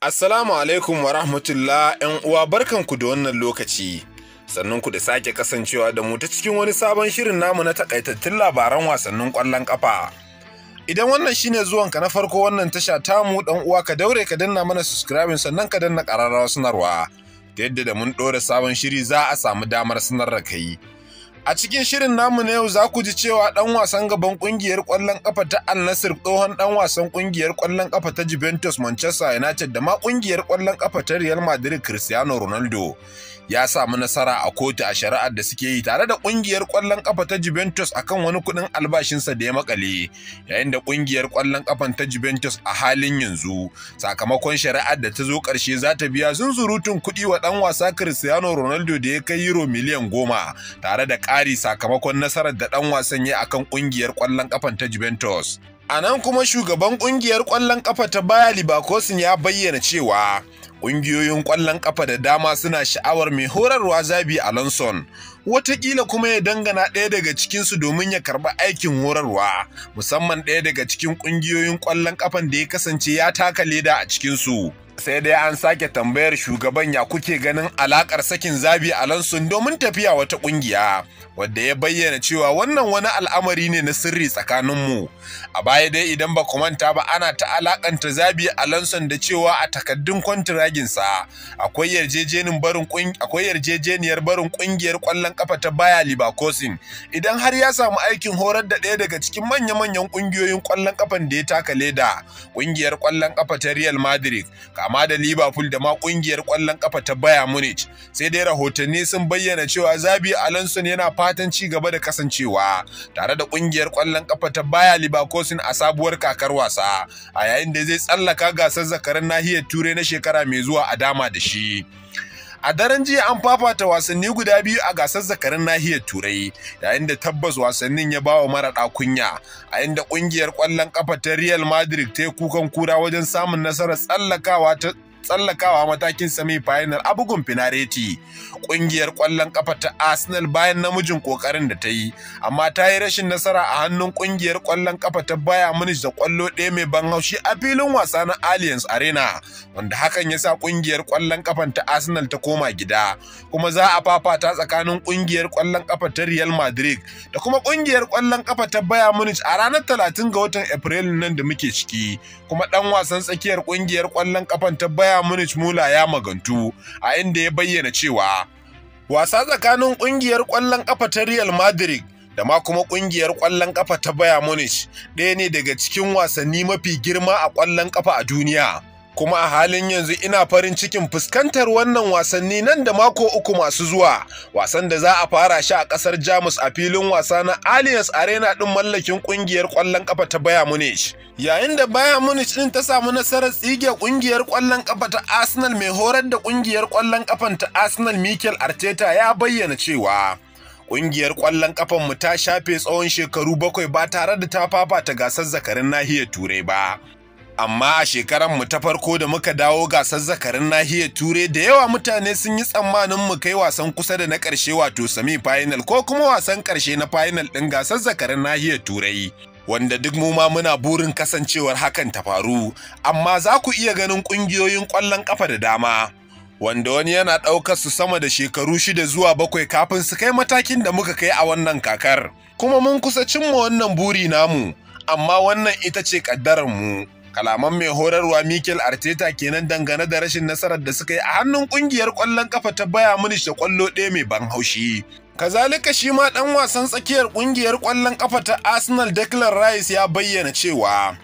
Assalamu alaikum wa rahmatullah ‘yan uwa barkanku da wannan lokaci, sannan ku da sake kasancewa da mu ta cikin wani sabon shirin namu na takaitattun labaran wasannin ƙwallon ƙafa. Idan wannan shine zuwanka na farko wannan tasha ta mu ɗan uwa ka daure ka danna mana subscribing sannan ka danna ƙararrawa sanarwa, ta yadda da mun ɗora sabon shiri za a samu damar sanar da kai. A cikin shirin namu na yau za ku ji cewa ɗan wasan gaban ƙungiyar ƙwallon ƙafa ta Al Nassr tsohon ɗan wasan ƙungiyar ƙwallon ƙafa ta Juventus Manchester United da ma ƙungiyar ƙwallon ƙafa ta Real Madrid Cristiano Ronaldo ya samu nasara a kotu a shari'ar da suke yi tare da ƙungiyar ƙwallon ƙafa ta Juventus akan wani kuɗin albashinsa da ya maƙale, yayin da ƙungiyar ƙwallon ƙafan ta Juventus a halin yanzu sakamakon shari'ar da ta zo ƙarshe za ta biya zunzurutun kuɗi wa ɗan wasa Cristiano Ronaldo da ya kai euro miliyan goma tare da ƙari sakamakon nasarar da ɗan wasan ya akan ƙungiyar ƙwallon ƙafan ta Juventus. A nan kuma shugaban ƙungiyar ƙwallon ƙafa ta Bayer Leverkusen ya bayyana cewa ƙungiyoyin ƙwallon ƙafa da dama suna sha'awar mai horarwa Zabi Alonson, watakila kuma ya dangana ɗaya daga cikinsu domin ya karɓi aikin horarwa, musamman ɗaya daga cikin ƙungiyoyin ƙwallon ƙafan da ya kasance ya taka leda a cikinsu. sai dai an sake tambayar shugaban ya kuke ganin alakar sakin zabi alonson domin tafiya wata kungiya wadda ya bayyana cewa wannan wani al'amari ne na sirri tsakaninmu a baya dai idan ba manta ba ana ta alakanta zabi alonson da cewa a takaddun kwantiraginsa akwai yarjejeniyar barin kungiyar kwallon kafa ta baya libakosin idan har ya samu aikin horar da ɗaya daga cikin manya-manyan kungiyoyin kwallon kafan da ya taka leda kungiyar kwallon kafa ta real madrid kama da Liverpool da ma kungiyar ƙwallon ƙafa ta Bayern Munich. Sai dai rahotanni sun bayyana cewa Zabi Alonso yana fatan ci gaba da kasancewa tare da kungiyar ƙwallon ƙafa ta Bayer Leverkusen a sabuwar kakar wasa, a yayin da zai tsallaka gasar zakaran nahiyar Turai na shekara mai zuwa a dama da shi. A daren jiya an fafata wasanni guda biyu a gasar zakarin nahiyar Turai, yayin da tabbas wasannin ya bawa maraɗa kunya, a inda ƙungiyar ƙwallon ƙafa ta Real Madrid ta yi kukan kura wajen samun nasarar tsallakawa ta tsallakawa matakin semi final a bugun finareti kungiyar kwallon kafa ta Arsenal bayan namijin kokarin da ta yi amma ta yi rashin nasara a hannun kungiyar kwallon kafa ta Bayern Munich da kwallo ɗaya mai ban haushi a filin wasa na Allianz Arena wanda hakan ya sa kungiyar kwallon kafan ta Arsenal ta koma gida kuma za a fafata tsakanin kungiyar kwallon kafa ta Real Madrid da kuma kungiyar kwallon kafa ta Bayern Munich a ranar 30 ga watan Afrilu nan da muke ciki kuma dan wasan tsakiyar kungiyar kwallon kafan ta Bayern Yaya Munich Mula ya magantu a inda ya bayyana cewa wasa tsakanin ƙungiyar ƙwallon ƙafa ta Real Madrid da ma kuma ƙungiyar ƙwallon ƙafa ta Bayern Munich ɗaya ne daga cikin wasanni mafi girma a ƙwallon ƙafa a duniya. kuma a halin yanzu ina farin cikin fuskantar wannan wasanni nan da mako uku masu zuwa wasan da za a fara shi a kasar jamus a filin wasa na allianz arena din mallakin kungiyar kwallon kafa ta bayern munich yayin da bayern munich din ta samu nasarar tsige kungiyar kwallon kafa ta arsenal mai horar da kungiyar kwallon kafan ta arsenal mikel arteta ya bayyana cewa Ƙungiyar ƙwallon mu ta shafe tsawon shekaru bakwai ba tare da ta fafata gasar zakarin nahiyar Turai ba. amma a shekaran mu ta farko da muka dawo gasar zakarin nahiyar Turai, da yawa mutane sun yi tsammanin mu kai wasan kusa da na ƙarshe wato semi final ko kuma wasan ƙarshe na final ɗin gasar zakarin nahiyar turai wanda duk mu ma muna burin kasancewar hakan ta faru amma za ku iya ganin ƙungiyoyin ƙwallon ƙafa da dama wanda wani yana ɗaukar su sama da shekaru shida zuwa bakwai kafin su kai matakin da muka kai a wannan kakar kuma mun kusa cimma wannan buri namu amma wannan ita ce ƙaddarar mu Kalaman mai horarwa Mikel Arteta kenan dangane da rashin nasarar da suka yi a hannun kungiyar kwallon kafa ta baya Munich da ƙwallo ɗaya mai ban haushi. Kazalika shi ma ɗan wasan tsakiyar ƙungiyar kwallon ƙafa ta Arsenal Declan Rice ya bayyana cewa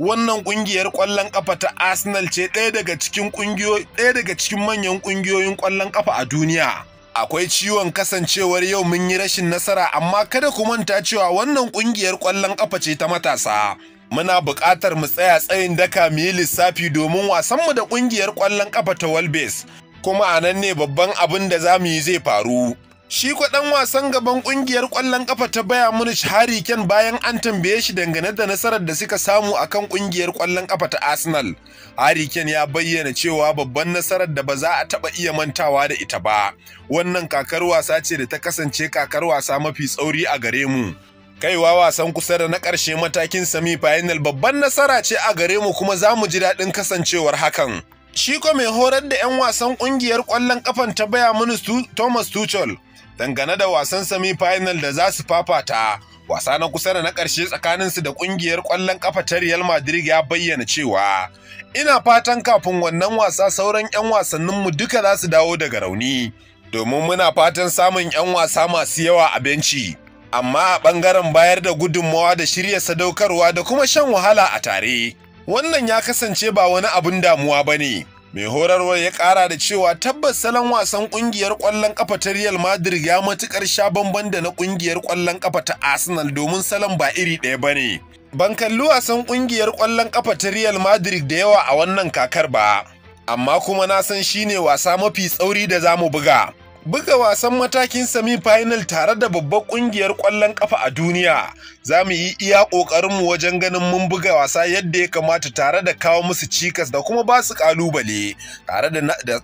wannan ƙungiyar kwallon kafa ta Arsenal ce ɗaya daga cikin ɗaya daga cikin manyan ƙungiyoyin kwallon ƙafa a duniya. Akwai ciwon kasancewar yau mun yi rashin nasara amma kada ku manta cewa wannan ƙungiyar kwallon ƙafa ce ta matasa. muna buƙatar mu tsaya tsayin daka mu yi lissafi domin wasanmu da ƙungiyar ƙwallon ƙafa ta Walbes, kuma a nan ne babban abin da zamu yi zai faru. Shi kwaɗan wasan gaban ƙungiyar ƙwallon ƙafa ta Baya Munich Harry Kane bayan an tambaye shi dangane da nasarar da suka samu akan ƙungiyar ƙwallon ƙafa ta Arsenal. Harry Kane ya bayyana cewa babban nasarar da ba za a taɓa iya mantawa da ita ba. Wannan kakar wasa ce da ta kasance kakar wasa mafi tsauri a gare mu. Kaiwa wasan kusa da na ƙarshe matakin semi final babban nasara ce a gare mu kuma za mu ji daɗin kasancewar hakan. Shiko mai horar da 'yan wasan ƙungiyar ƙwallon ƙafan ta baya mini Thomas Tuchel dangane da wasan semi final da za su fafata. Wasa na kusa da na ƙarshe su da ƙungiyar ƙwallon ƙafa ta Real Madrid ya bayyana cewa ina fatan kafin wannan wasa sauran 'yan wasanninmu duka za su dawo daga rauni domin muna fatan samun 'yan wasa masu yawa a benci. amma a ɓangaren bayar da gudunmawa da shirya sadaukarwa da kuma shan wahala a tare wannan ya kasance ba wani abin damuwa ba ne mai horarwar ya ƙara da cewa tabbas salon wasan ƙungiyar ƙwallon ƙafa ta real madrid ya matuƙar sha bamban da na ƙungiyar ƙwallon ƙafa ta arsenal domin salon ba iri ɗaya ba ne ban kalli wasan ƙungiyar ƙwallon ƙafa ta real madrid da yawa a wannan kakar ba amma kuma na san shine wasa mafi tsauri da za mu buga buga wasan matakin semi-final tare da babbar kungiyar ƙwallon ƙafa a duniya za mu yi iya ƙoƙarinmu wajen ganin mun buga wasa yadda ya kamata tare da kawo musu cikas da kuma ba su ƙalubale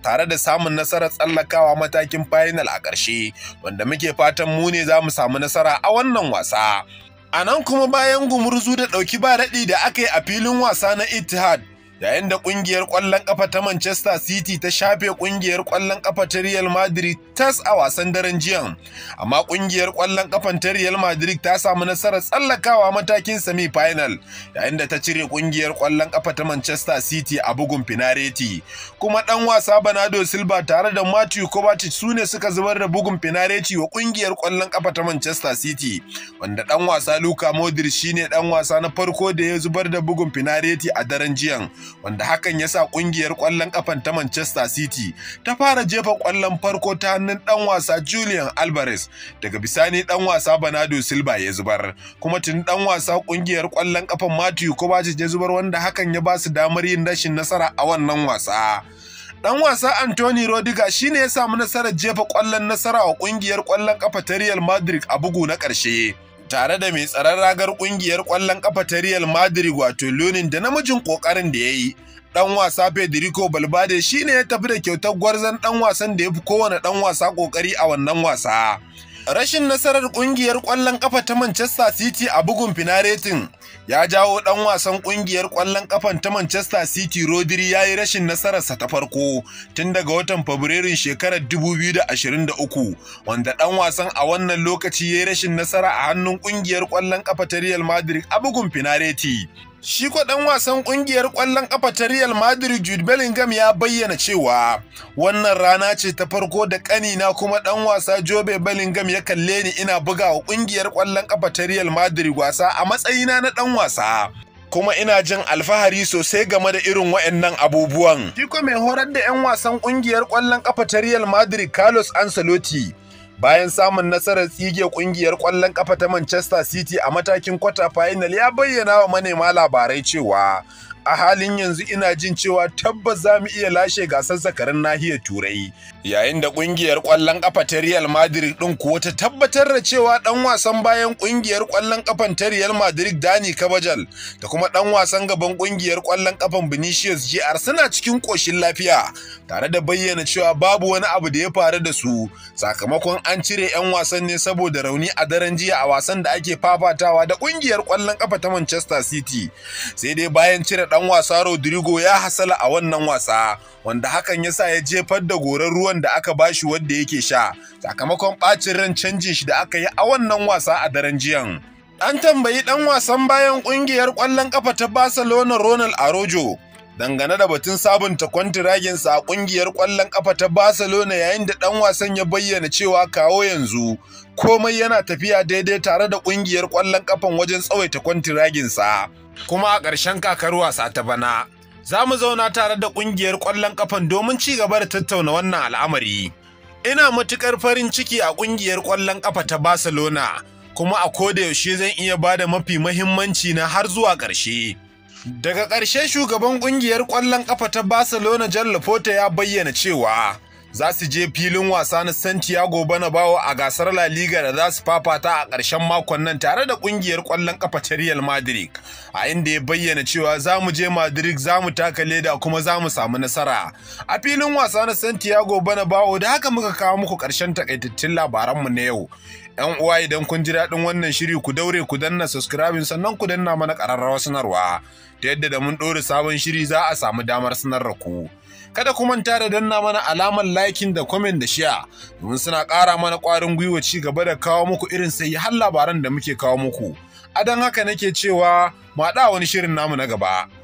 tare da samun nasarar tsallakawa matakin final a ƙarshe wanda muke fatan mu ne za mu samu nasara a wannan wasa a nan kuma bayan gumurzu da ɗauki ba raɗi da aka yi a filin wasa na Etihad yayin da kungiyar kwallon kafa ta Manchester City ta shafe kungiyar kwallon kafa ta Real Madrid tas a wasan daren jiyan. Amma kungiyar kwallon kafan ta Real Madrid ta samu nasarar tsallakawa matakin semi-final yayin da ta cire kungiyar kwallon kafa ta Manchester City a bugun finareti. Kuma ɗan wasa Bernardo Silva tare da Matthew Kovacic sune suka zubar da bugun finareti wa kungiyar kwallon kafa ta Manchester City wanda ɗan wasa Luka Modric shine ɗan wasa na farko da ya zubar da bugun finareti a daren jiyan. wanda hakan ya sa ƙungiyar ƙwallon ƙafan ta Manchester City ta fara jefa ƙwallon farko ta hannun ɗan wasa Julian Alvarez daga bisani ɗan wasa Bernardo Silva ya zubar kuma tun ɗan wasa ƙungiyar ƙwallon ƙafan Matthew Kovacic ya zubar wanda hakan ya ba su damar yin rashin nasara a wannan wasa. Dan wasa Anthony Rodiga shi ne ya samu nasarar jefa ƙwallon nasara wa ƙungiyar ƙwallon ƙafa ta Real Madrid a bugu na ƙarshe. tare da mai tsaron ragar kungiyar ƙwallon ƙafa ta Real Madrid wato Lunin da namijin ƙoƙarin da ya yi. Ɗan wasa Federico Balbade shine ya tafi da kyautar gwarzon ɗan wasan da ya fi kowane ɗan wasa ƙoƙari a wannan wasa. Rashin nasarar kungiyar ƙwallon ƙafa ta Manchester City a bugun finaretin ya jawo ɗan wasan ƙungiyar ƙwallon ƙafan ta Manchester City Rodri ya yi rashin nasararsa ta farko tun daga watan Fabrairu shekarar 2023 wanda ɗan wasan a wannan lokaci ya yi rashin nasara a hannun ƙungiyar ƙwallon ƙafa ta Real Madrid a bugun finareti. Shi ko ɗan wasan ƙungiyar ƙwallon ƙafa ta Real Madrid Jude Bellingham ya bayyana cewa wannan rana ce ta farko da ƙanina kuma ɗan wasa Jobe Bellingham ya kalle ni ina buga wa ƙungiyar ƙwallon ƙafa ta Real Madrid wasa a matsayina na ɗan wasa. kuma ina jin alfahari sosai game da irin waɗannan abubuwan. Shi mai horar da 'yan wasan ƙungiyar ƙwallon ƙafa ta Real Madrid Carlos Ancelotti bayan samun nasarar tsige kungiyar ƙwallon ƙafa ta Manchester City a matakin kwata final ya bayyana wa manema labarai cewa a halin yanzu ina jin cewa tabbas za mu iya lashe gasar zakarin nahiyar turai yayin da kungiyar kwallon kafa ta real madrid din kuwa ta tabbatar da cewa dan wasan bayan kungiyar kwallon kafan ta real madrid dani kabajal da kuma dan wasan gaban kungiyar kwallon kafan vinicius jr suna cikin koshin lafiya tare da bayyana cewa babu wani abu da ya faru da su sakamakon an cire 'yan wasan ne saboda rauni a daren jiya a wasan da ake fafatawa da kungiyar kwallon kafa ta manchester city sai dai bayan cire dan dan wasa Rodrigo ya hasala a wannan wasa wanda hakan ya sa ya jefar da goran ruwan da aka bashi wanda yake sha sakamakon ɓacin ran canjin shi da aka yi a wannan wasa a daren jiyan. An tambayi ɗan wasan bayan ƙungiyar kwallon ƙafa ta Barcelona Ronald Arojo dangane da batun sabunta kwantiraginsa a ƙungiyar kwallon ƙafa ta Barcelona yayin da ɗan wasan ya bayyana cewa kawo yanzu komai yana tafiya daidai tare da ƙungiyar ƙwallon ƙafan wajen tsawaita kwantiraginsa. kuma a ƙarshen kakar wasa ta bana. Za mu zauna tare da ƙungiyar ƙwallon ƙafan domin ci gaba da tattauna wannan al'amari. Ina matuƙar farin ciki a ƙungiyar ƙwallon ƙafa ta Barcelona, kuma a koda yaushe zan iya ba da mafi mahimmanci na har zuwa ƙarshe. Daga ƙarshe shugaban ƙungiyar ƙwallon ƙafa ta Barcelona Jan lafota ya bayyana cewa za su je filin wasa na Santiago Bernabeu a gasar La Liga da za su fafata a ƙarshen makon nan tare da ƙungiyar ƙwallon ƙafa ta Real Madrid a inda ya bayyana cewa za mu je Madrid za mu taka leda kuma za mu samu nasara a filin wasa na Santiago Bernabeu da haka muka kawo muku ƙarshen takaitattun labaranmu na yau 'yan uwa idan kun ji daɗin wannan shiri ku daure ku danna subscribing sannan ku danna mana ƙararrawa sanarwa ta yadda da mun ɗora sabon shiri za a samu damar sanar da ku. Kada ku manta da danna mana alamar liking da comment da shiya, domin suna ƙara mana ƙwarin gwiwa ci gaba da kawo muku irin sai har labaran da muke kawo muku. A don haka nake cewa mu wani shirin namu na gaba.